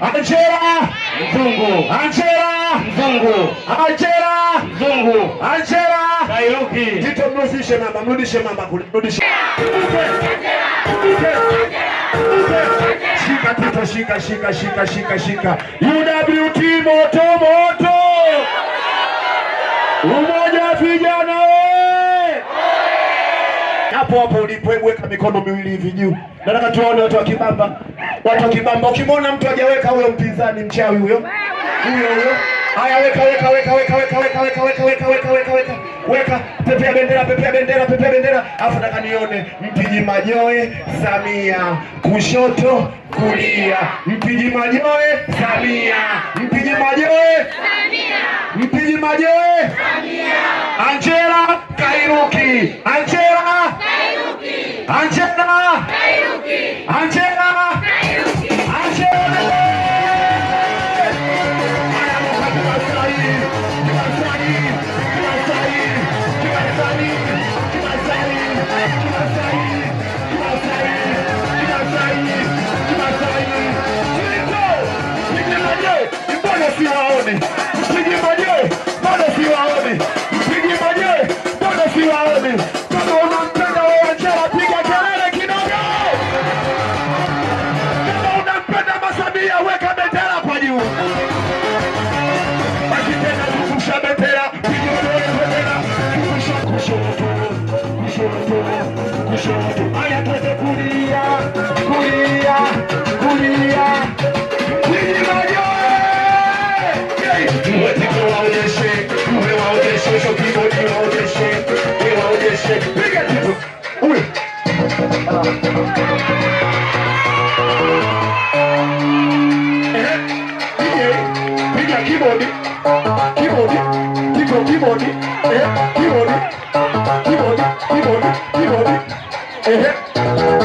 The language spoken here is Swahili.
Anjera Mzungu, Anjera Mzungu, Anjera Mzungu, Anjera Kairuki. Tito, mrudishe mama, mrudishe mama kule, mrudishe. Shika Tito, shika shika shika shika shika. UWT moto moto. Umoja vijana hapo hapo ulipo, hebu weka mikono miwili hivi juu. Nataka tuone watu wa Kibamba, watu wa Kibamba. Ukimwona mtu hajaweka, huyo mpinzani, mchawi huyo huyo huyo. Haya, weka weka weka weka weka weka weka weka weka weka weka weka weka, pepea bendera, pepea bendera, pepea bendera. Afu nataka nione mpiji majoe, Samia kushoto, kulia, mpiji majoe, Samia, mpiji majoe, Samia, mpiji majoe, Samia, Angela Kairuki, Angela আছে Aya twende kulia, kulia, kulia. Nyinyi majoe. Wetiko waonyeshe, uwe waonyeshe, shokigo ni waonyeshe, ni kibodi, kibodi, kibodi, kibodi, kibodi, kibodi, kibodi, kibodi. Uhum.